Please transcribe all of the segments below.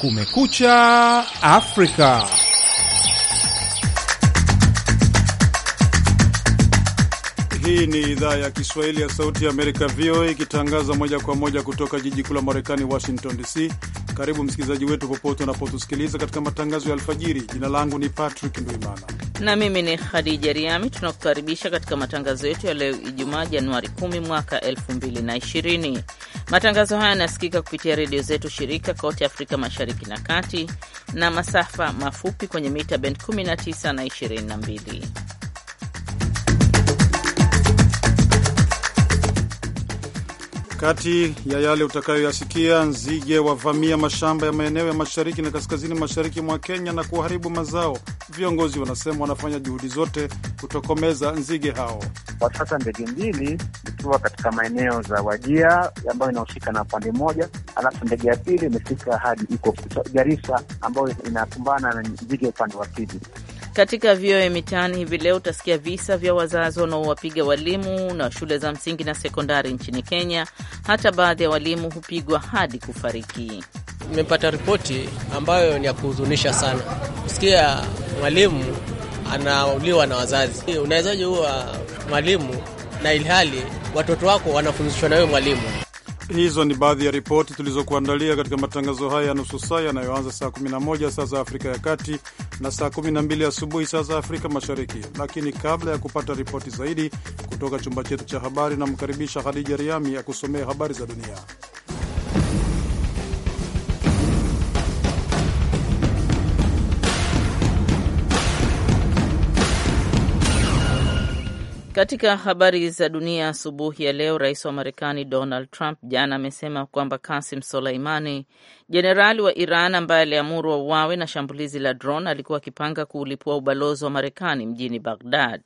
Kumekucha Afrika. Hii ni idhaa ya Kiswahili ya Sauti ya Amerika, VOA, ikitangaza moja kwa moja kutoka jiji kuu la Marekani, Washington DC. Karibu msikilizaji wetu popote unapotusikiliza katika matangazo ya alfajiri. Jina langu ni Patrick ndwimana na mimi ni Khadija Riami. Tunakukaribisha katika matangazo yetu ya leo Ijumaa, Januari 10 mwaka 2020. Matangazo haya yanasikika kupitia redio zetu shirika kote Afrika Mashariki na Kati na masafa mafupi kwenye mita bend 19 na 22. Kati ya yale utakayoyasikia, nzige wavamia mashamba ya maeneo ya mashariki na kaskazini mashariki mwa Kenya na kuharibu mazao. Viongozi wanasema wanafanya juhudi zote kutokomeza nzige hao. Kwa sasa ndege mbili ikiwa katika maeneo za Wajia ambayo inahusika na pande moja, alafu ndege ya pili imefika hadi iko Garisa ambayo inakumbana na nzige upande wa pili. Katika VOA Mitaani hivi leo utasikia visa vya wazazi wanaowapiga walimu na shule za msingi na sekondari nchini Kenya. Hata baadhi ya walimu hupigwa hadi kufariki. Nimepata ripoti ambayo ni ya kuhuzunisha sana, kusikia mwalimu anauliwa na wazazi. Unawezaje huwa mwalimu na ilhali watoto wako wanafunzishwa na huyo mwalimu? Hizo ni baadhi ya ripoti tulizokuandalia katika matangazo haya ya nusu saa yanayoanza saa 11 saa za Afrika ya Kati na saa 12 asubuhi saa za Afrika Mashariki. Lakini kabla ya kupata ripoti zaidi kutoka chumba chetu cha habari, namkaribisha Khadija Riami ya kusomea habari za dunia. Katika habari za dunia asubuhi ya leo, rais wa Marekani Donald Trump jana amesema kwamba Kasim Soleimani, jenerali wa Iran ambaye aliamuru wauawe na shambulizi la drone, alikuwa akipanga kuulipua ubalozi wa Marekani mjini Baghdad.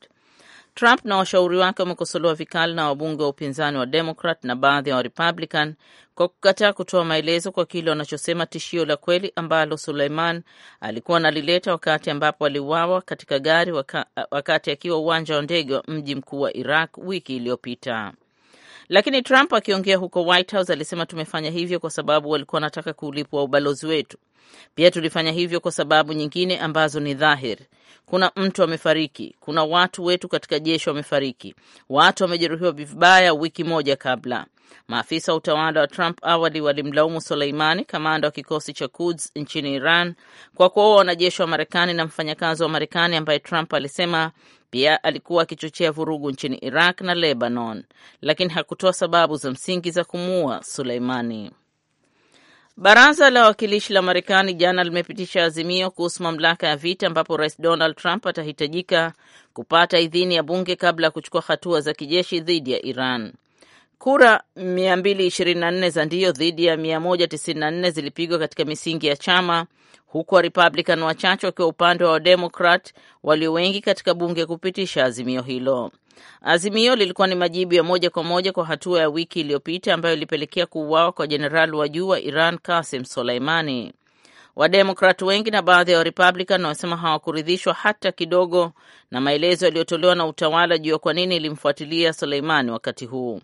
Trump na washauri wake wamekosolewa vikali na wabunge wa upinzani wa Demokrat na baadhi ya wa Republican kwa kukataa kutoa maelezo kwa kile wanachosema tishio la kweli ambalo Suleiman alikuwa analileta wakati ambapo aliuawa katika gari waka, wakati akiwa uwanja wa ndege wa mji mkuu wa Iraq wiki iliyopita. Lakini Trump akiongea huko White House alisema tumefanya hivyo kwa sababu walikuwa wanataka kuulipua ubalozi wetu. Pia tulifanya hivyo kwa sababu nyingine ambazo ni dhahiri kuna mtu amefariki, kuna watu wetu katika jeshi wamefariki, watu wamejeruhiwa vibaya wiki moja kabla. Maafisa wa utawala wa Trump awali walimlaumu Soleimani, kamanda wa kikosi cha Quds nchini Iran, kwa kuwaua wanajeshi wa Marekani na mfanyakazi wa Marekani ambaye Trump alisema pia alikuwa akichochea vurugu nchini Iraq na Lebanon, lakini hakutoa sababu za msingi za kumuua Suleimani. Baraza la Wawakilishi la Marekani jana limepitisha azimio kuhusu mamlaka ya vita ambapo Rais Donald Trump atahitajika kupata idhini ya bunge kabla ya kuchukua hatua za kijeshi dhidi ya Iran. Kura 224 za ndio dhidi ya 194 zilipigwa katika misingi ya chama, huku republican wachache wakiwa upande wa Wademokrat walio wengi katika bunge kupitisha azimio hilo. Azimio lilikuwa ni majibu ya moja kwa moja kwa hatua ya wiki iliyopita ambayo ilipelekea kuuawa kwa jenerali wa juu wa Iran Kasim Soleimani. Wademokrat wengi na baadhi ya Warepublican wanasema hawakuridhishwa hata kidogo na maelezo yaliyotolewa na utawala juu ya kwa nini ilimfuatilia Soleimani wakati huu.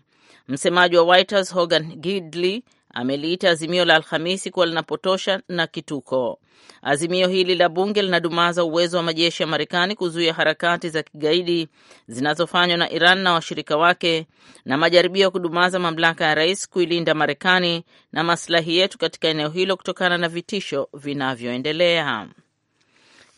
Msemaji wa White House Hogan Gidley ameliita azimio la Alhamisi kuwa linapotosha na kituko. Azimio hili la bunge linadumaza uwezo wa majeshi ya Marekani kuzuia harakati za kigaidi zinazofanywa na Iran na washirika wake na majaribio ya kudumaza mamlaka ya rais kuilinda Marekani na maslahi yetu katika eneo hilo kutokana na vitisho vinavyoendelea.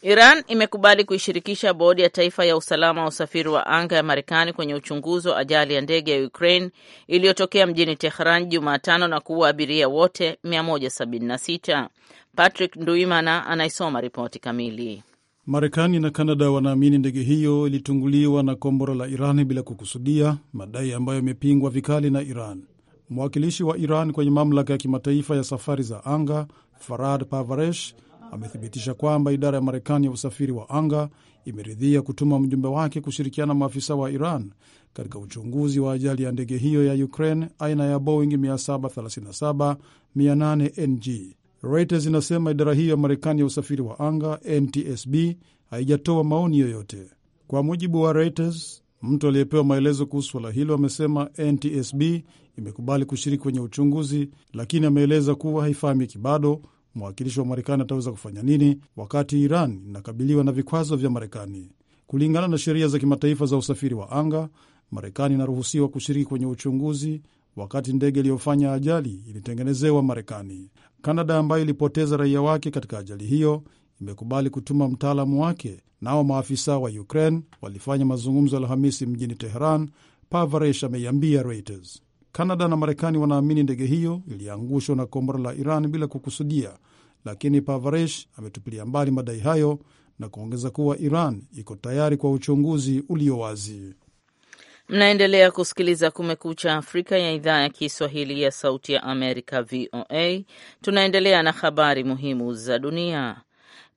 Iran imekubali kuishirikisha bodi ya taifa ya usalama wa usafiri wa anga ya Marekani kwenye uchunguzi wa ajali ya ndege ya Ukraine iliyotokea mjini Tehran Jumatano na kuua abiria wote 176. Patrick Nduimana anaisoma ripoti kamili. Marekani na Kanada wanaamini ndege hiyo ilitunguliwa na kombora la Iran bila kukusudia, madai ambayo yamepingwa vikali na Iran. Mwakilishi wa Iran kwenye mamlaka ya kimataifa ya safari za anga Farad Pavaresh amethibitisha kwamba idara ya Marekani ya usafiri wa anga imeridhia kutuma mjumbe wake kushirikiana na maafisa wa Iran katika uchunguzi wa ajali ya ndege hiyo ya Ukraine aina ya Boeing 737-800NG. Reuters inasema idara hiyo ya Marekani ya usafiri wa anga NTSB haijatoa maoni yoyote. Kwa mujibu wa Reuters, mtu aliyepewa maelezo kuhusu suala hilo amesema NTSB imekubali kushiriki kwenye uchunguzi, lakini ameeleza kuwa haifahamiki bado mwakilishi wa Marekani ataweza kufanya nini wakati Iran inakabiliwa na vikwazo vya Marekani? Kulingana na sheria za kimataifa za usafiri wa anga, Marekani inaruhusiwa kushiriki kwenye uchunguzi wakati ndege iliyofanya ajali ilitengenezewa Marekani. Kanada ambayo ilipoteza raia wake katika ajali hiyo imekubali kutuma mtaalamu wake. Nao maafisa wa Ukraine walifanya mazungumzo Alhamisi mjini Teheran, Pavaresh ameiambia Reuters. Kanada na Marekani wanaamini ndege hiyo iliangushwa na kombora la Iran bila kukusudia, lakini Pavaresh ametupilia mbali madai hayo na kuongeza kuwa Iran iko tayari kwa uchunguzi ulio wazi. Mnaendelea kusikiliza Kumekucha Afrika ya idhaa ya Kiswahili ya Sauti ya Amerika, VOA. Tunaendelea na habari muhimu za dunia.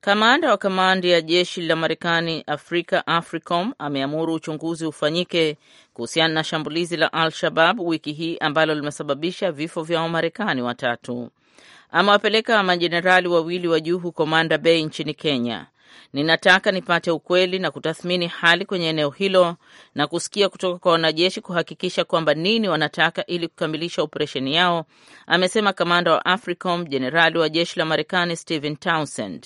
Kamanda wa kamandi ya jeshi la Marekani Afrika, AFRICOM, ameamuru uchunguzi ufanyike kuhusiana na shambulizi la Al-Shabab wiki hii ambalo limesababisha vifo vya Wamarekani watatu. Amewapeleka majenerali wawili wa juu huko Manda Bay nchini Kenya. Ninataka nipate ukweli na kutathmini hali kwenye eneo hilo na kusikia kutoka kwa wanajeshi kuhakikisha kwamba nini wanataka ili kukamilisha operesheni yao, amesema kamanda wa AFRICOM, jenerali wa jeshi la Marekani Stephen Townsend.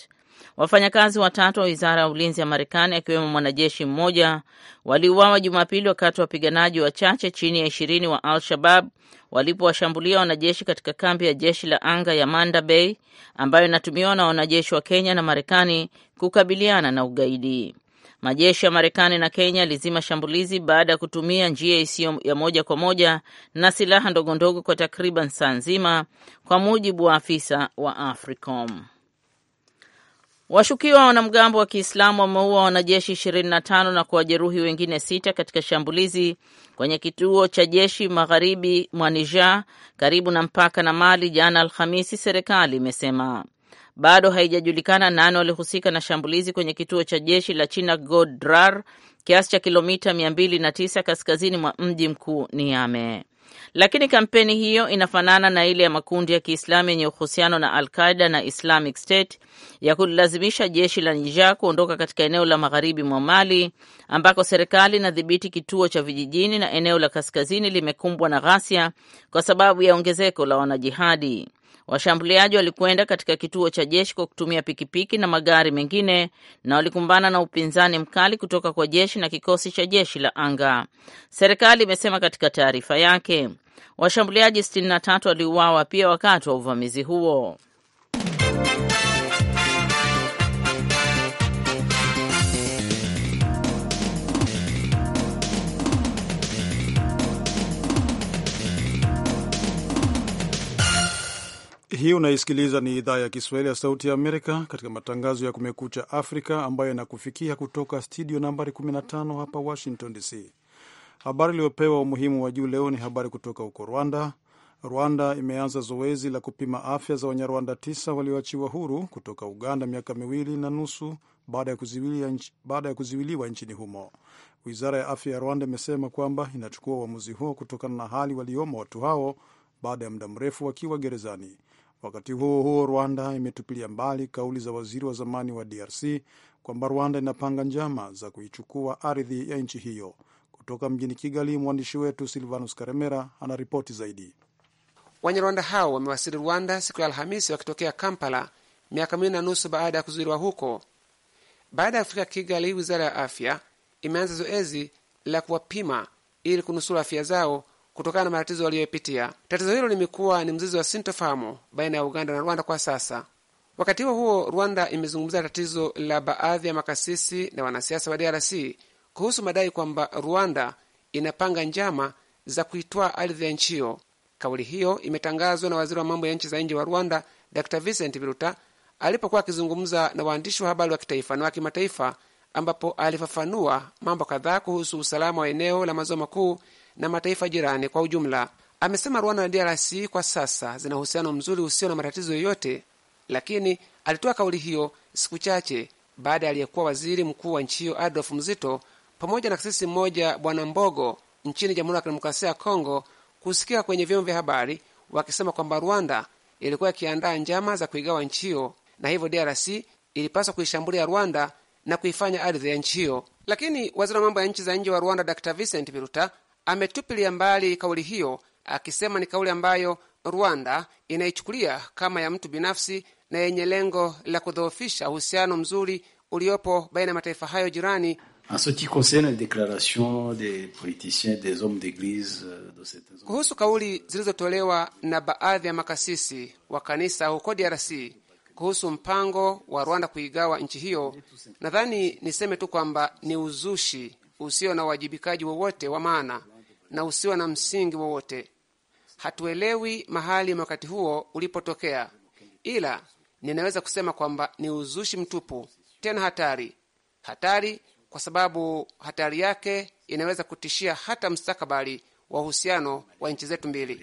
Wafanyakazi watatu wa wizara ya ulinzi ya Marekani, akiwemo mwanajeshi mmoja, waliuawa Jumapili wakati wapiganaji wachache chini ya ishirini wa Al-Shabab walipowashambulia wanajeshi katika kambi ya jeshi la anga ya Manda Bay ambayo inatumiwa na wanajeshi wa Kenya na Marekani kukabiliana na ugaidi. Majeshi ya Marekani na Kenya yalizima shambulizi baada ya kutumia njia isiyo ya moja kwa moja na silaha ndogondogo kwa takriban saa nzima, kwa mujibu wa afisa wa AFRICOM. Washukiwa wanamgambo wa Kiislamu wameua wanajeshi 25 na kuwajeruhi wengine sita katika shambulizi kwenye kituo cha jeshi magharibi mwa Niger karibu na mpaka na Mali jana Alhamisi, serikali imesema. Bado haijajulikana nani walihusika na shambulizi kwenye kituo cha jeshi la China Godrar, kiasi cha kilomita 209 kaskazini mwa mji mkuu Niamey. Lakini kampeni hiyo inafanana na ile ya makundi ya Kiislamu yenye uhusiano na al qaida na Islamic State ya kulilazimisha jeshi la Niger kuondoka katika eneo la magharibi mwa Mali ambako serikali inadhibiti kituo cha vijijini na eneo la kaskazini limekumbwa na ghasia kwa sababu ya ongezeko la wanajihadi. Washambuliaji walikwenda katika kituo cha jeshi kwa kutumia pikipiki na magari mengine na walikumbana na upinzani mkali kutoka kwa jeshi na kikosi cha jeshi la anga. Serikali imesema katika taarifa yake washambuliaji 63 waliuawa pia wakati wa uvamizi huo. Hii unaisikiliza ni idhaa ya Kiswahili ya Sauti ya Amerika katika matangazo ya Kumekucha Afrika ambayo inakufikia kutoka studio nambari 15 hapa Washington DC. Habari iliyopewa umuhimu wa juu leo ni habari kutoka huko Rwanda. Rwanda imeanza zoezi la kupima afya za Wanyarwanda tisa walioachiwa huru kutoka Uganda miaka miwili na nusu baada ya kuziwiliwa, baada ya kuziwiliwa nchini humo. Wizara ya afya ya Rwanda imesema kwamba inachukua uamuzi huo kutokana na hali waliomo watu hao baada ya muda mrefu wakiwa gerezani. Wakati huo huo, Rwanda imetupilia mbali kauli za waziri wa zamani wa DRC kwamba Rwanda inapanga njama za kuichukua ardhi ya nchi hiyo. Kutoka mjini Kigali, mwandishi wetu Silvanus Karemera anaripoti zaidi. Wanyarwanda hao wamewasili Rwanda siku ya Alhamisi wakitokea Kampala, miaka miwili na nusu baada ya kuzuiliwa huko. Baada ya kufika Kigali, wizara ya afya imeanza zoezi la kuwapima ili kunusuru afya zao kutokana na matatizo waliyopitia. Tatizo hilo limekuwa ni mzizi wa sintofahamu baina ya Uganda na Rwanda kwa sasa. Wakati huo huo, Rwanda imezungumzia tatizo la baadhi ya makasisi na wanasiasa wa DRC kuhusu madai kwamba Rwanda inapanga njama za kuitwaa ardhi ya nchi hiyo. Kauli hiyo imetangazwa na waziri wa mambo ya nchi za nje wa Rwanda Dr Vincent Biruta alipokuwa akizungumza na waandishi wa habari wa kitaifa na wa kimataifa, ambapo alifafanua mambo kadhaa kuhusu usalama wa eneo la maziwa makuu na mataifa jirani kwa ujumla. Amesema Rwanda na DRC kwa sasa zina uhusiano mzuri usio na matatizo yoyote, lakini alitoa kauli hiyo siku chache baada ya aliyekuwa waziri mkuu wa nchi hiyo Adolf Mzito pamoja na kasisi mmoja Bwana Mbogo nchini Jamhuri ya Kidemokrasia ya Kongo kusikika kwenye vyombo vya habari wakisema kwamba Rwanda ilikuwa ikiandaa njama za kuigawa nchi hiyo na hivyo DRC ilipaswa kuishambulia Rwanda na kuifanya ardhi ya nchi hiyo. Lakini waziri wa mambo ya nchi za nje wa Rwanda Dr Vincent Biruta ametupilia mbali kauli hiyo, akisema ni kauli ambayo Rwanda inaichukulia kama ya mtu binafsi na yenye lengo la kudhoofisha uhusiano mzuri uliopo baina ya mataifa hayo jirani. Euh, kuhusu kauli zilizotolewa na baadhi ya makasisi wa kanisa huko DRC kuhusu mpango wa Rwanda kuigawa nchi hiyo, nadhani niseme tu kwamba ni uzushi usio na uwajibikaji wowote wa maana na usio na msingi wowote. Hatuelewi mahali wakati huo ulipotokea, ila ninaweza kusema kwamba ni uzushi mtupu, tena hatari hatari, kwa sababu hatari yake inaweza kutishia hata mustakabali wa uhusiano wa nchi zetu mbili.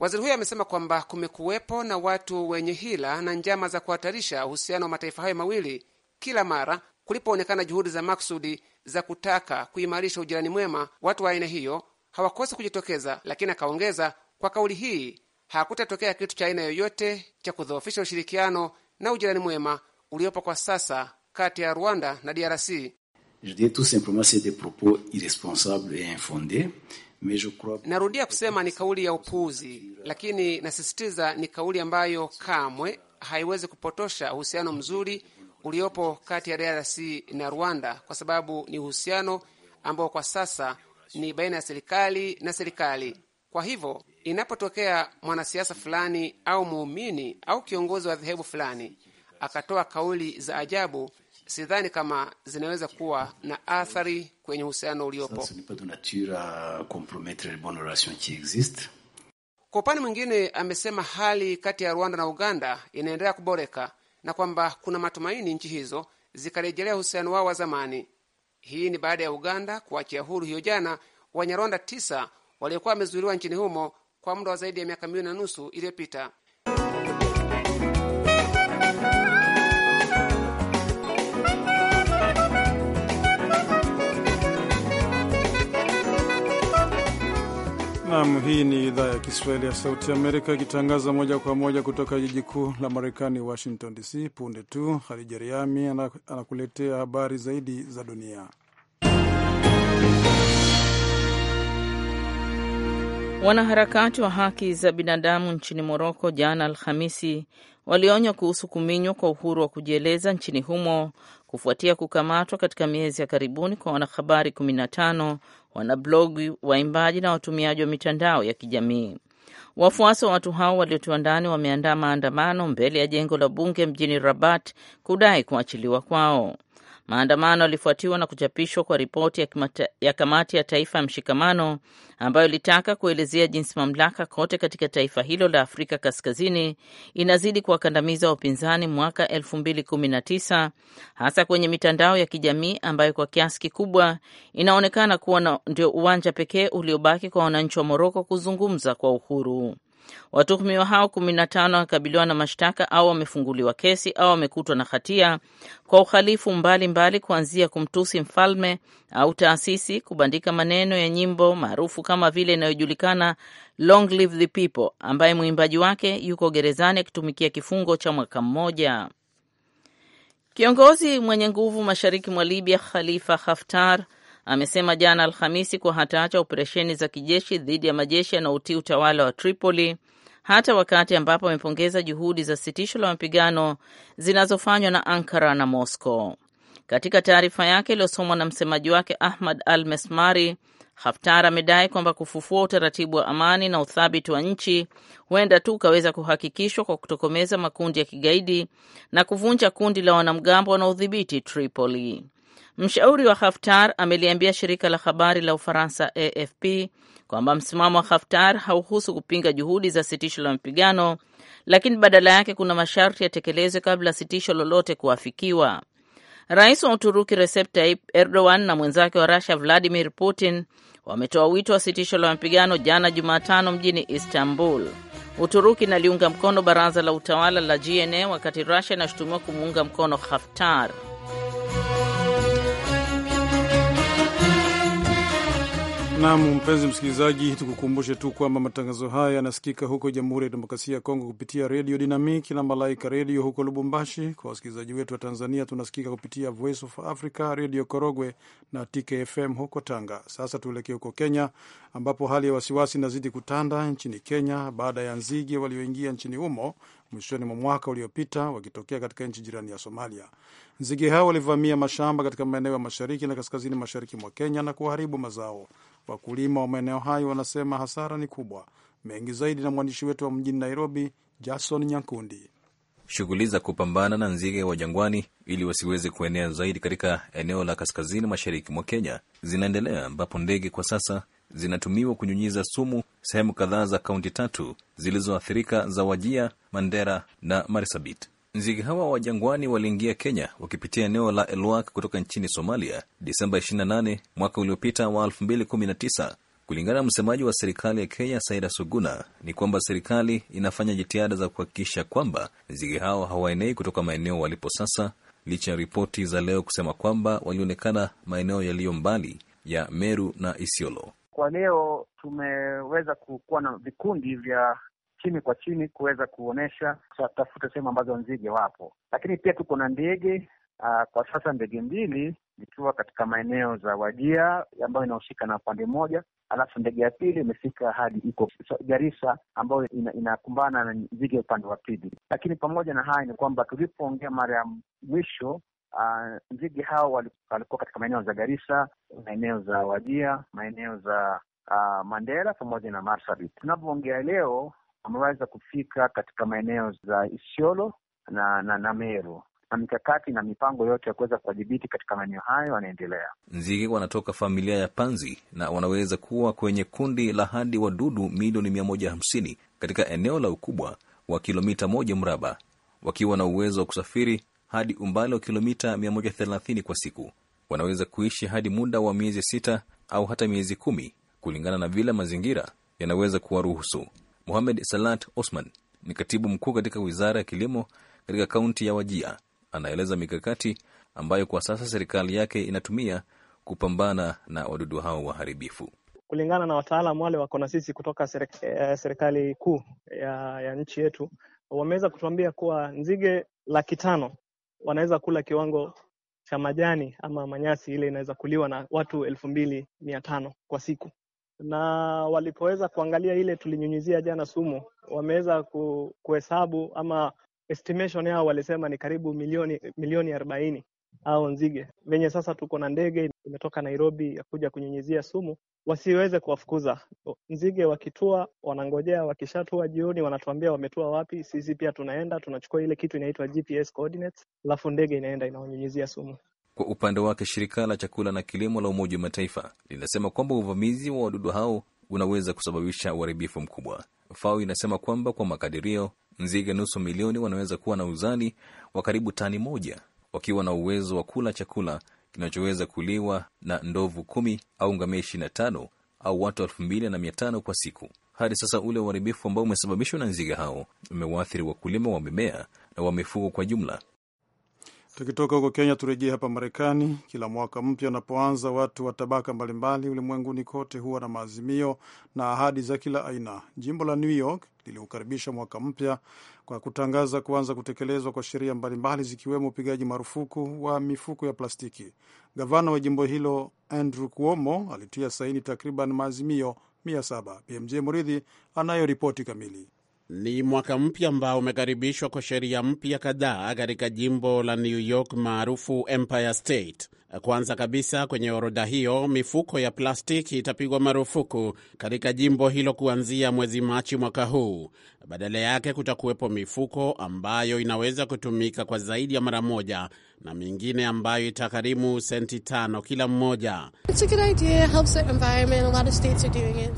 Waziri huyo amesema kwamba kumekuwepo na watu wenye hila na njama za kuhatarisha uhusiano wa mataifa hayo mawili kila mara kulipoonekana juhudi za maksudi za kutaka kuimarisha ujirani mwema, watu wa aina hiyo hawakosi kujitokeza. Lakini akaongeza, kwa kauli hii hakutatokea kitu cha aina yoyote cha kudhoofisha ushirikiano na ujirani mwema uliopo kwa sasa kati ya Rwanda na DRC. Narudia kusema ni kauli ya upuuzi, lakini nasisitiza ni kauli ambayo kamwe haiwezi kupotosha uhusiano mzuri uliopo kati ya DRC na Rwanda, kwa sababu ni uhusiano ambao kwa sasa ni baina ya serikali na serikali. Kwa hivyo inapotokea mwanasiasa fulani au muumini au kiongozi wa dhehebu fulani akatoa kauli za ajabu, sidhani kama zinaweza kuwa na athari kwenye uhusiano uliopo. Kwa upande mwingine, amesema hali kati ya Rwanda na Uganda inaendelea kuboreka na kwamba kuna matumaini nchi hizo zikarejelea uhusiano wao wa zamani. Hii ni baada ya Uganda kuachia huru hiyo jana Wanyarwanda tisa waliokuwa wamezuiliwa nchini humo kwa muda wa zaidi ya miaka miwili na nusu iliyopita. Nam, hii ni idhaa ya Kiswahili ya Sauti ya Amerika ikitangaza moja kwa moja kutoka jiji kuu la Marekani, Washington DC. Punde tu Hadija Riami anakuletea habari zaidi za dunia. Wanaharakati wa haki za binadamu nchini Moroko jana Alhamisi walionywa kuhusu kuminywa kwa uhuru wa kujieleza nchini humo kufuatia kukamatwa katika miezi ya karibuni kwa wanahabari 15 wanablogi, waimbaji na watumiaji wa mitandao ya kijamii. Wafuasi wa watu hao waliotiwa ndani wameandaa maandamano mbele ya jengo la bunge mjini Rabat kudai kuachiliwa kwao. Maandamano yalifuatiwa na kuchapishwa kwa ripoti ya, ya kamati ya taifa ya mshikamano ambayo ilitaka kuelezea jinsi mamlaka kote katika taifa hilo la Afrika Kaskazini inazidi kuwakandamiza wapinzani mwaka 2019 hasa kwenye mitandao ya kijamii ambayo kwa kiasi kikubwa inaonekana kuwa ndio uwanja pekee uliobaki kwa wananchi wa Moroko kuzungumza kwa uhuru. Watuhumiwa hao 15 wakabiliwa na mashtaka au wamefunguliwa kesi au wamekutwa na hatia kwa uhalifu mbalimbali mbali, kuanzia kumtusi mfalme au taasisi, kubandika maneno ya nyimbo maarufu kama vile inayojulikana Long Live the People, ambaye mwimbaji wake yuko gerezani akitumikia kifungo cha mwaka mmoja. Kiongozi mwenye nguvu mashariki mwa Libya Khalifa Haftar amesema jana Alhamisi kuwa hataacha operesheni za kijeshi dhidi ya majeshi yanaotii utawala wa Tripoli hata wakati ambapo amepongeza juhudi za sitisho la mapigano zinazofanywa na Ankara na Moscow. Katika taarifa yake iliyosomwa na msemaji wake Ahmad Al Mesmari, Haftar amedai kwamba kufufua utaratibu wa amani na uthabiti wa nchi huenda tu ukaweza kuhakikishwa kwa kutokomeza makundi ya kigaidi na kuvunja kundi la wanamgambo wanaodhibiti Tripoli. Mshauri wa Haftar ameliambia shirika la habari la Ufaransa AFP kwamba msimamo wa Haftar hauhusu kupinga juhudi za sitisho la mapigano, lakini badala yake kuna masharti yatekelezwe kabla sitisho lolote kuafikiwa. Rais wa Uturuki Recep Tayyip Erdogan na mwenzake wa Rusia Vladimir Putin wametoa wito wa sitisho la mapigano jana Jumatano mjini Istanbul. Uturuki inaliunga mkono baraza la utawala la GNA wakati Rusia inashutumiwa kumuunga mkono Haftar. Nam, mpenzi msikilizaji, tukukumbushe tu kwamba matangazo haya yanasikika huko Jamhuri ya Demokrasia ya Kongo kupitia Redio Dinamik na Malaika Redio huko Lubumbashi. Kwa wasikilizaji wetu wa Tanzania, tunasikika kupitia Voice of Africa, Redio Korogwe na TKFM huko Tanga. Sasa tuelekee huko Kenya, ambapo hali ya wasiwasi inazidi kutanda nchini Kenya baada ya nzige walioingia nchini humo mwishoni mwa mwaka uliopita wakitokea katika nchi jirani ya Somalia. Nzige hao walivamia mashamba katika maeneo ya mashariki na kaskazini mashariki mwa Kenya na kuharibu mazao. Wakulima wa maeneo hayo wanasema hasara ni kubwa. Mengi zaidi na mwandishi wetu wa mjini Nairobi, Jason Nyankundi. Shughuli za kupambana na nzige wa jangwani ili wasiweze kuenea zaidi katika eneo la kaskazini mashariki mwa Kenya zinaendelea, ambapo ndege kwa sasa zinatumiwa kunyunyiza sumu sehemu kadhaa za kaunti tatu zilizoathirika za Wajia, Mandera na Marsabit. Nzige hawa wa jangwani waliingia Kenya wakipitia eneo la Elwak kutoka nchini Somalia Disemba 28 mwaka uliopita wa 2019. Kulingana na msemaji wa serikali ya Kenya Saida Suguna ni kwamba serikali inafanya jitihada za kuhakikisha kwamba nzige hao hawaenei kutoka maeneo walipo sasa, licha ya ripoti za leo kusema kwamba walionekana maeneo yaliyo mbali ya Meru na Isiolo. Kwa leo tumeweza kuwa na vikundi vya chini kwa chini kuweza kuonyesha tafuta sehemu ambazo nzige wapo, lakini pia tuko na ndege Uh, kwa sasa ndege mbili zikiwa katika maeneo za Wajia ambayo inahusika na upande mmoja, alafu ndege ya pili imefika hadi iko Garissa ambayo ina, na nzige upande wa pili. Lakini pamoja na haya ni kwamba tulipoongea mara ya mwisho uh, nzige hao walikuwa katika maeneo za Garissa, maeneo za Wajia, maeneo za uh, Mandera pamoja na Marsabit. Tunapoongea leo ameweza kufika katika maeneo za Isiolo na, na, na Meru na mikakati na mipango yote ya kuweza kuwadhibiti katika maeneo hayo yanaendelea. Nzige wanatoka familia ya panzi na wanaweza kuwa kwenye kundi la hadi wadudu milioni mia moja hamsini katika eneo la ukubwa wa kilomita moja mraba wakiwa na uwezo wa kusafiri hadi umbali wa kilomita 130 kwa siku. Wanaweza kuishi hadi muda wa miezi sita au hata miezi kumi kulingana na vile mazingira yanaweza kuwaruhusu muhamed Salat Osman ni katibu mkuu katika wizara ya kilimo katika kaunti ya Wajia. Anaeleza mikakati ambayo kwa sasa serikali yake inatumia kupambana na wadudu hao waharibifu. Kulingana na wataalam wale wako na sisi kutoka eh, serikali kuu ya, ya nchi yetu, wameweza kutuambia kuwa nzige laki tano wanaweza kula kiwango cha majani ama manyasi ile inaweza kuliwa na watu elfu mbili mia tano kwa siku na walipoweza kuangalia ile tulinyunyizia jana sumu, wameweza kuhesabu ama estimation yao walisema ni karibu milioni milioni arobaini au nzige venye sasa tuko na ndege imetoka Nairobi ya kuja kunyunyizia sumu wasiweze kuwafukuza nzige. Wakitua wanangojea, wakishatua jioni wanatuambia wametua wapi. Sisi pia tunaenda tunachukua ile kitu inaitwa GPS coordinates, alafu ndege inaenda inawanyunyizia sumu. Kwa upande wake, shirika la chakula na kilimo la Umoja wa Mataifa linasema kwamba uvamizi wa wadudu hao unaweza kusababisha uharibifu mkubwa. FAO inasema kwamba kwa makadirio, nzige nusu milioni wanaweza kuwa na uzani wa karibu tani moja, wakiwa na uwezo wa kula chakula kinachoweza kuliwa na ndovu kumi au ngamia ishirini na tano au watu elfu mbili na mia tano kwa siku. Hadi sasa ule uharibifu ambao umesababishwa na nzige hao umewaathiri wakulima wa mimea na wa mifugo kwa jumla. Tukitoka huko Kenya turejee hapa Marekani. Kila mwaka mpya unapoanza, watu wa tabaka mbalimbali ulimwenguni kote huwa na maazimio na ahadi za kila aina. Jimbo la New York liliukaribisha mwaka mpya kwa kutangaza kuanza kutekelezwa kwa sheria mbalimbali zikiwemo upigaji marufuku wa mifuko ya plastiki. Gavana wa jimbo hilo Andrew Cuomo alitia saini takriban maazimio mia saba. BMJ Muridhi anayo ripoti kamili. Ni mwaka mpya ambao umekaribishwa kwa sheria mpya kadhaa katika jimbo la New York maarufu Empire State. Kwanza kabisa, kwenye orodha hiyo mifuko ya plastiki itapigwa marufuku katika jimbo hilo kuanzia mwezi Machi mwaka huu. Badala yake kutakuwepo mifuko ambayo inaweza kutumika kwa zaidi ya mara moja na mingine ambayo itakarimu senti tano kila mmoja.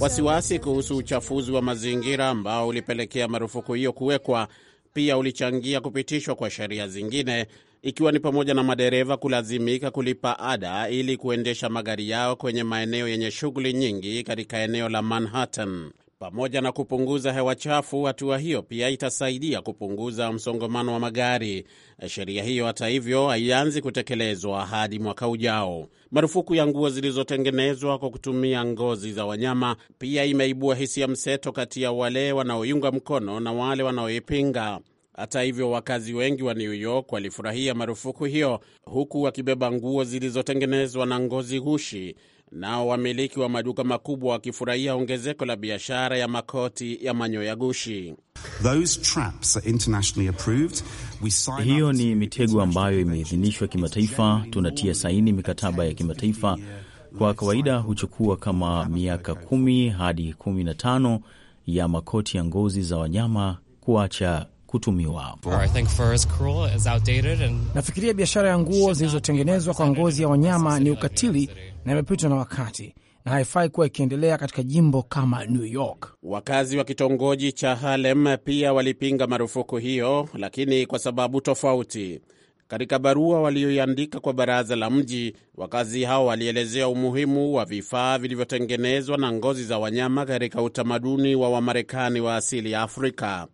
Wasiwasi kuhusu uchafuzi wa mazingira ambao ulipelekea marufuku hiyo kuwekwa pia ulichangia kupitishwa kwa sheria zingine ikiwa ni pamoja na madereva kulazimika kulipa ada ili kuendesha magari yao kwenye maeneo yenye shughuli nyingi katika eneo la Manhattan. Pamoja na kupunguza hewa chafu, hatua hiyo pia itasaidia kupunguza msongamano wa magari. Sheria hiyo, hata hivyo, haianzi kutekelezwa hadi mwaka ujao. Marufuku ya nguo zilizotengenezwa kwa kutumia ngozi za wanyama pia imeibua hisia mseto kati ya wale wanaoiunga mkono na wale wanaoipinga. Hata hivyo, wakazi wengi wa New York walifurahia marufuku hiyo, huku wakibeba nguo zilizotengenezwa na ngozi gushi Nao wamiliki wa maduka makubwa wakifurahia ongezeko la biashara ya makoti ya manyoya gushi. Hiyo ni mitego ambayo imeidhinishwa kimataifa. Tunatia saini mikataba ya kimataifa, kwa kawaida huchukua kama miaka kumi hadi kumi na tano ya makoti ya ngozi za wanyama kuacha kutumiwa. Nafikiria biashara ya nguo zilizotengenezwa kwa ngozi ya wanyama ni ukatili na imepitwa na wakati na haifai kuwa ikiendelea katika jimbo kama New York. Wakazi wa kitongoji cha Harlem pia walipinga marufuku hiyo, lakini kwa sababu tofauti. Katika barua walioiandika kwa baraza la mji, wakazi hao walielezea umuhimu wa vifaa vilivyotengenezwa na ngozi za wanyama katika utamaduni wa Wamarekani wa asili ya Afrika.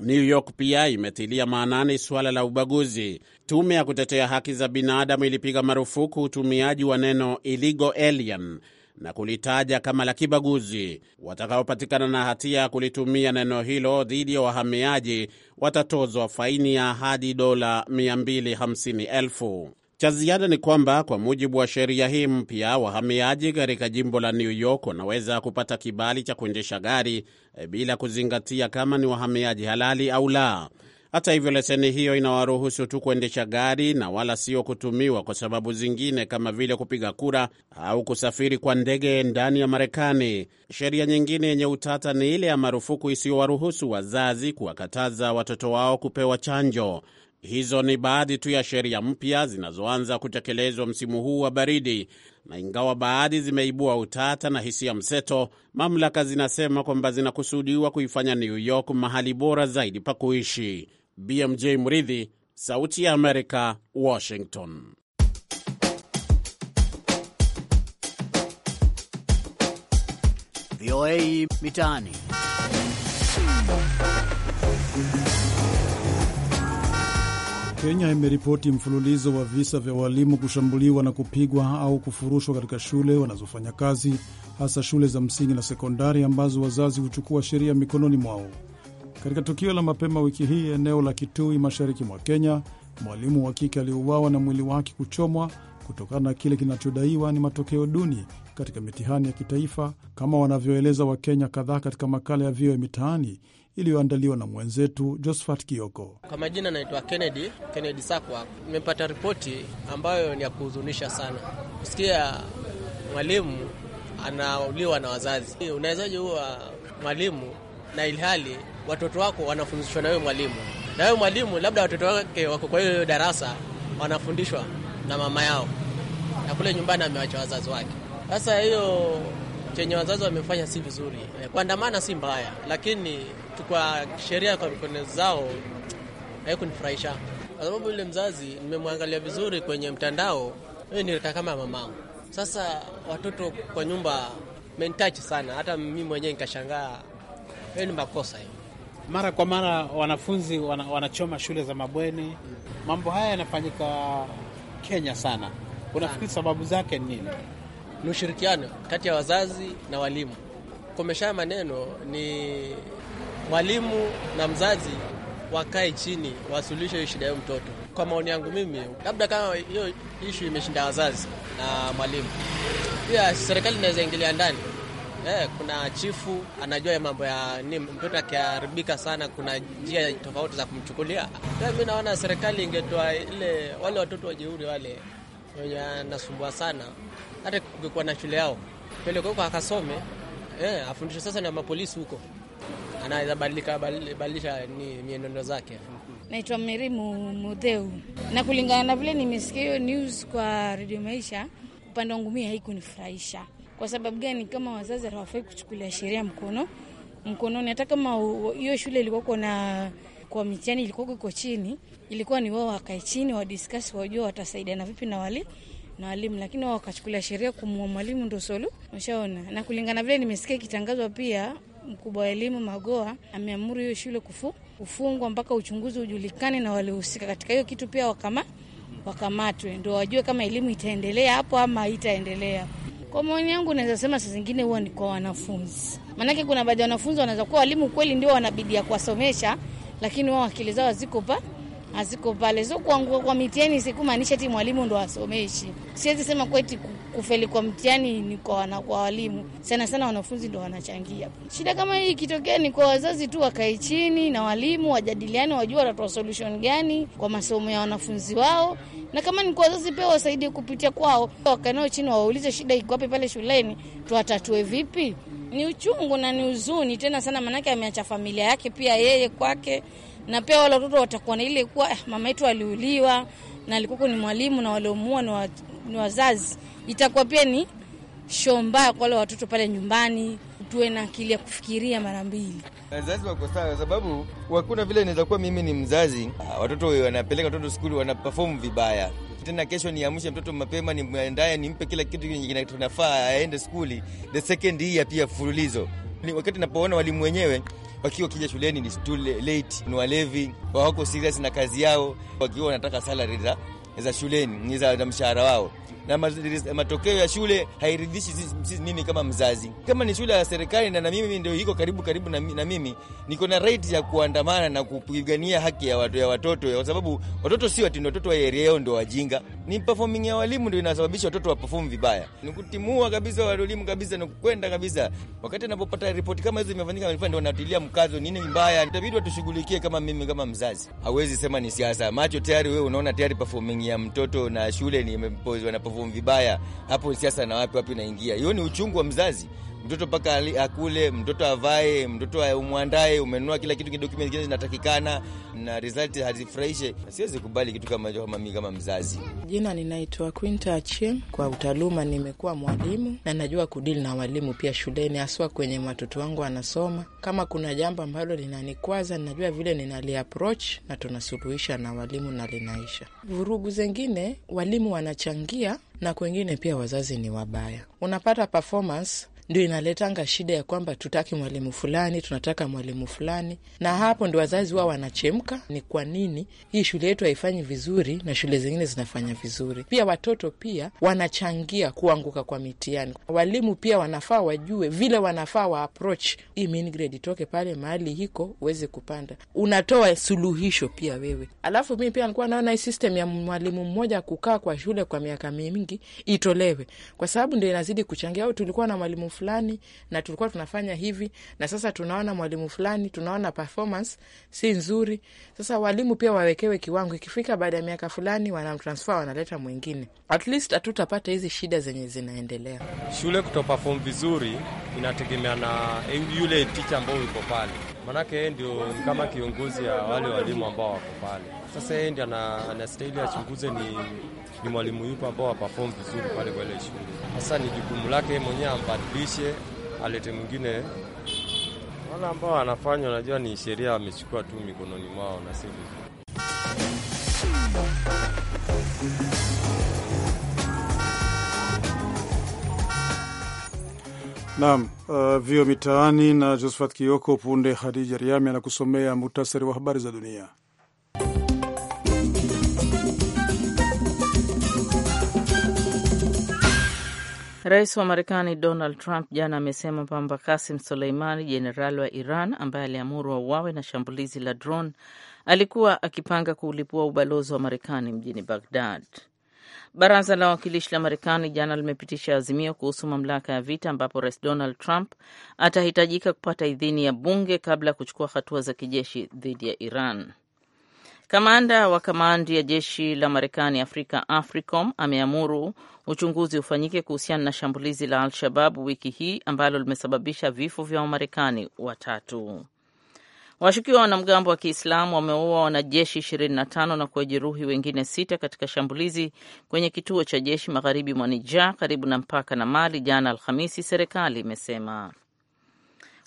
New York pia imetilia maanani suala la ubaguzi. Tume ya kutetea haki za binadamu ilipiga marufuku utumiaji wa neno illegal alien na kulitaja kama la kibaguzi. Watakaopatikana na hatia ya kulitumia neno hilo dhidi ya wahamiaji watatozwa faini ya hadi dola 250,000. Cha ziada ni kwamba kwa mujibu wa sheria hii mpya, wahamiaji katika jimbo la New York wanaweza kupata kibali cha kuendesha gari e, bila kuzingatia kama ni wahamiaji halali au la. Hata hivyo, leseni hiyo inawaruhusu tu kuendesha gari na wala sio kutumiwa kwa sababu zingine kama vile kupiga kura au kusafiri kwa ndege ndani ya Marekani. Sheria nyingine yenye utata ni ile ya marufuku isiyowaruhusu wazazi kuwakataza watoto wao kupewa chanjo. Hizo ni baadhi tu ya sheria mpya zinazoanza kutekelezwa msimu huu wa baridi, na ingawa baadhi zimeibua utata na hisia mseto, mamlaka zinasema kwamba zinakusudiwa kuifanya New York mahali bora zaidi pa kuishi. BMJ Mridhi, Sauti ya Amerika, Washington. VOA Mitaani. Kenya imeripoti mfululizo wa visa vya walimu kushambuliwa na kupigwa au kufurushwa katika shule wanazofanya kazi, hasa shule za msingi na sekondari ambazo wazazi huchukua sheria mikononi mwao. Katika tukio la mapema wiki hii eneo la Kitui, mashariki mwa Kenya, mwalimu wa kike aliuawa na mwili wake kuchomwa kutokana na kile kinachodaiwa ni matokeo duni katika mitihani ya kitaifa, kama wanavyoeleza Wakenya kadhaa katika makala ya VOA Mitaani iliyoandaliwa na mwenzetu Josphat Kioko. Kwa majina naitwa Kennedy, Kennedy Sakwa. Nimepata ripoti ambayo ni ya kuhuzunisha sana, kusikia mwalimu anauliwa na wazazi. Unawezaje huwa mwalimu na ilhali watoto wako wanafundishwa na huyo mwalimu, na huyo mwalimu labda watoto wake wako kwa hiyo darasa wanafundishwa na mama yao, na kule nyumbani amewacha wazazi wake. Sasa hiyo chenye wazazi wamefanya si vizuri. Eh, kuandamana si mbaya, lakini tukwa sheria kwa mikono zao haikunifurahisha, kwa sababu yule mzazi nimemwangalia vizuri kwenye mtandao, huyu ni kama mamangu. Sasa watoto kwa nyumba mentachi sana, hata mimi mwenyewe nikashangaa, hiyo ni makosa hiyo. Mara kwa mara wanafunzi wana, wanachoma shule za mabweni. Mambo haya yanafanyika Kenya sana, unafikiri sababu zake ni nini? ni ushirikiano kati ya wazazi na walimu. Kukomesha maneno ni mwalimu na mzazi wakae chini, wasuluhishe hiyo shida ya mtoto. Kwa maoni yangu mimi, labda kama hiyo ishu imeshinda wazazi na mwalimu, pia serikali inaweza ingilia ndani. Eh, kuna chifu anajua ya mambo ya ni mtoto akiharibika sana, kuna njia tofauti za kumchukulia. Mi naona serikali ingetoa ile wale watoto wajeuri wale wenye anasumbua sana hata kungekuwa na shule yao peleke huko akasome, eh, afundishe sasa na mapolisi huko, anaweza badilika badilisha ni mienendo zake. Naitwa Mirimu Mudheu, na kulingana na vile nimesikia hiyo news kwa Radio Maisha, upande wangu mimi haikunifurahisha. Kwa sababu gani? Kama wazazi hawafai kuchukulia sheria mkono mkononi, hata kama hiyo shule ilikuwa na kwa mitihani ilikuwa iko chini, ilikuwa ni wao wakae chini wa discuss, wajua watasaidiana vipi na wali na walimu, lakini wao wakachukulia sheria kumua mwalimu ndo solu. Ushaona, na kulingana vile nimesikia ikitangazwa pia mkubwa wa elimu Magoa ameamuru hiyo shule kufu, kufungwa mpaka uchunguzi ujulikane na walihusika katika hiyo kitu pia wakama, wakamatwe ndo wajue kama elimu itaendelea hapo ama itaendelea. Kwa maoni yangu, naweza sema saa zingine huwa ni kwa wanafunzi, maanake kuna baadhi ya wanafunzi wanaweza kuwa walimu kweli ndio wanabidi ya kuwasomesha, lakini wao akili zao ziko pa haziko pale. So kuanguka kwa mitihani sikumaanisha ti mwalimu ndo asomeshi. Siwezi sema kweti kufeli kwa mtihani ni kwa wana, kwa walimu sana sana, wanafunzi ndo wanachangia. Shida kama hii ikitokea, ni kwa wazazi tu, wakae chini na walimu wajadiliane, wajua watatoa solution gani kwa masomo ya wanafunzi wao, na kama ni kwa wazazi pia wasaidie kupitia kwao, wakanao chini, waulize shida iko wapi pale shuleni, tuwatatue vipi. Ni uchungu na ni huzuni tena sana, maanake ameacha familia yake pia yeye kwake na pia wale watoto watakuwa na ile kuwa eh, mama yetu aliuliwa na alikuwa ni mwalimu na waliomuua ni, wa, ni wazazi. Itakuwa pia ni show mbaya kwa wale watoto pale nyumbani. Tuwe na akili ya kufikiria mara mbili. Wazazi wako sawa, kwa sababu hakuna vile inaweza kuwa mimi ni mzazi, watoto wanapeleka watoto skuli, wanaperform vibaya tena kesho niamshe mtoto mapema, nimwandaye nimpe kila kitu kinafaa aende skuli the second year pia fululizo. Wakati napoona walimu wenyewe wakiwa wakija shuleni ni too late, ni walevi, wako serious na kazi yao, wakiwa wanataka salary za shuleni za mshahara wao na matokeo ya shule hairidhishi sisi, mimi kama mzazi. Kama ni shule ya serikali na na mimi ndio iko karibu karibu na, na mimi niko na right ya kuandamana na kupigania haki ya watu, ya watoto kwa sababu watoto si watindo, watoto wa area yao ndio wajinga. Ni performing ya walimu ndio inasababisha watoto wa perform vibaya, nikutimua kabisa walimu kabisa, na nikukwenda kabisa. Wakati anapopata ripoti kama hizo imefanyika, ndio natilia mkazo nini mbaya, itabidi watushughulikie. Kama mimi kama mzazi hawezi sema ni siasa, macho tayari wewe unaona tayari performing ya mtoto na shule ni imepozwa na performing vibaya hapo, siasa na wapi wapi naingia. Hiyo ni uchungu wa mzazi mtoto mpaka akule, mtoto avae, mtoto umwandae, umenunua kila kitu, kidokumenti kile zinatakikana na result hazifurahishe. Siwezi kubali kitu kama hicho, kama mimi kama mzazi. Jina ninaitwa Quinta Achim. Kwa utaaluma nimekuwa mwalimu na najua kudili na walimu pia shuleni, haswa kwenye watoto wangu anasoma. Kama kuna jambo ambalo linanikwaza, najua vile ninaliapproach na tunasuluhisha na walimu na linaisha. Vurugu zengine walimu wanachangia na kwengine pia wazazi ni wabaya. Unapata performance ndio inaletanga shida ya kwamba tutaki mwalimu fulani, tunataka mwalimu fulani, na hapo ndio wazazi wao wanachemka, ni kwa nini hii shule yetu haifanyi vizuri na shule zingine zinafanya vizuri. Pia watoto pia wanachangia kuanguka kwa mitihani. Walimu pia wanafaa wajue vile wanafaa wa approach hii mean grade itoke pale mahali hiko uweze kupanda, unatoa suluhisho pia wewe. Alafu mi pia nilikuwa naona hii system ya mwalimu mmoja kukaa kwa shule kwa miaka mingi itolewe, kwa sababu ndio inazidi kuchangia. Au tulikuwa na mwalimu fulani na tulikuwa tunafanya hivi, na sasa tunaona mwalimu fulani, tunaona performance si nzuri. Sasa walimu pia wawekewe kiwango, ikifika baada ya miaka fulani wanamtransfer, wanaleta mwingine. At least hatutapata hizi shida zenye zinaendelea. Shule kutoperform vizuri inategemea na yule ticha ambao yuko pale, maanake ndio kama kiongozi ya wale walimu ambao wako pale sasa yeye ndiye anastahili achunguze ni, ni mwalimu yupo ambao aperform vizuri pale kwa ile shule. Sasa ni jukumu lake mwenyewe ambadilishe, alete mwingine. Wale ambao anafanya, unajua ni sheria wamechukua tu mikononi mwao na si vizuri. Naam, uh, vio mitaani na Josephat Kioko. Punde Hadija Riami anakusomea muhtasari wa habari za dunia. Rais wa Marekani Donald Trump jana amesema kwamba Kasim Soleimani, jenerali wa Iran ambaye aliamuru wauawe na shambulizi la drone, alikuwa akipanga kuulipua ubalozi wa Marekani mjini Bagdad. Baraza la wawakilishi la Marekani jana limepitisha azimio kuhusu mamlaka ya vita, ambapo Rais Donald Trump atahitajika kupata idhini ya bunge kabla ya kuchukua hatua za kijeshi dhidi ya Iran. Kamanda wa kamandi ya jeshi la Marekani Afrika, AFRICOM, ameamuru uchunguzi ufanyike kuhusiana na shambulizi la Al-Shabab wiki hii ambalo limesababisha vifo vya Wamarekani watatu. Washukiwa wanamgambo wa Kiislamu wameua wanajeshi 25 na kuwajeruhi wengine sita katika shambulizi kwenye kituo cha jeshi magharibi mwa Niger karibu na mpaka na Mali jana Alhamisi, serikali imesema.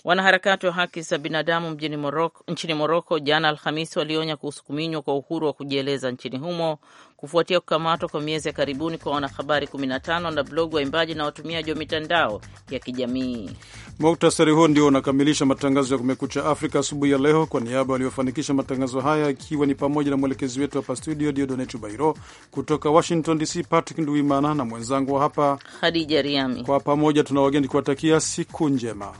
Wanaharakati wa haki za binadamu mjini Moroko, nchini Moroko jana Alhamisi walionya kuhusu kuminywa kwa uhuru wa kujieleza nchini humo kufuatia kukamatwa kwa miezi ya karibuni kwa wanahabari 15 na blogu waimbaji na watumiaji wa mitandao ya kijamii. Muktasari huo ndio unakamilisha matangazo ya Kumekucha Afrika asubuhi ya leo. Kwa niaba waliofanikisha matangazo haya, ikiwa ni pamoja na mwelekezi wetu hapa studio Diodonetu Bairo, kutoka Washington DC Patrick Nduimana na mwenzangu wa hapa Hadija Riami, kwa pamoja tuna wageni kuwatakia siku njema.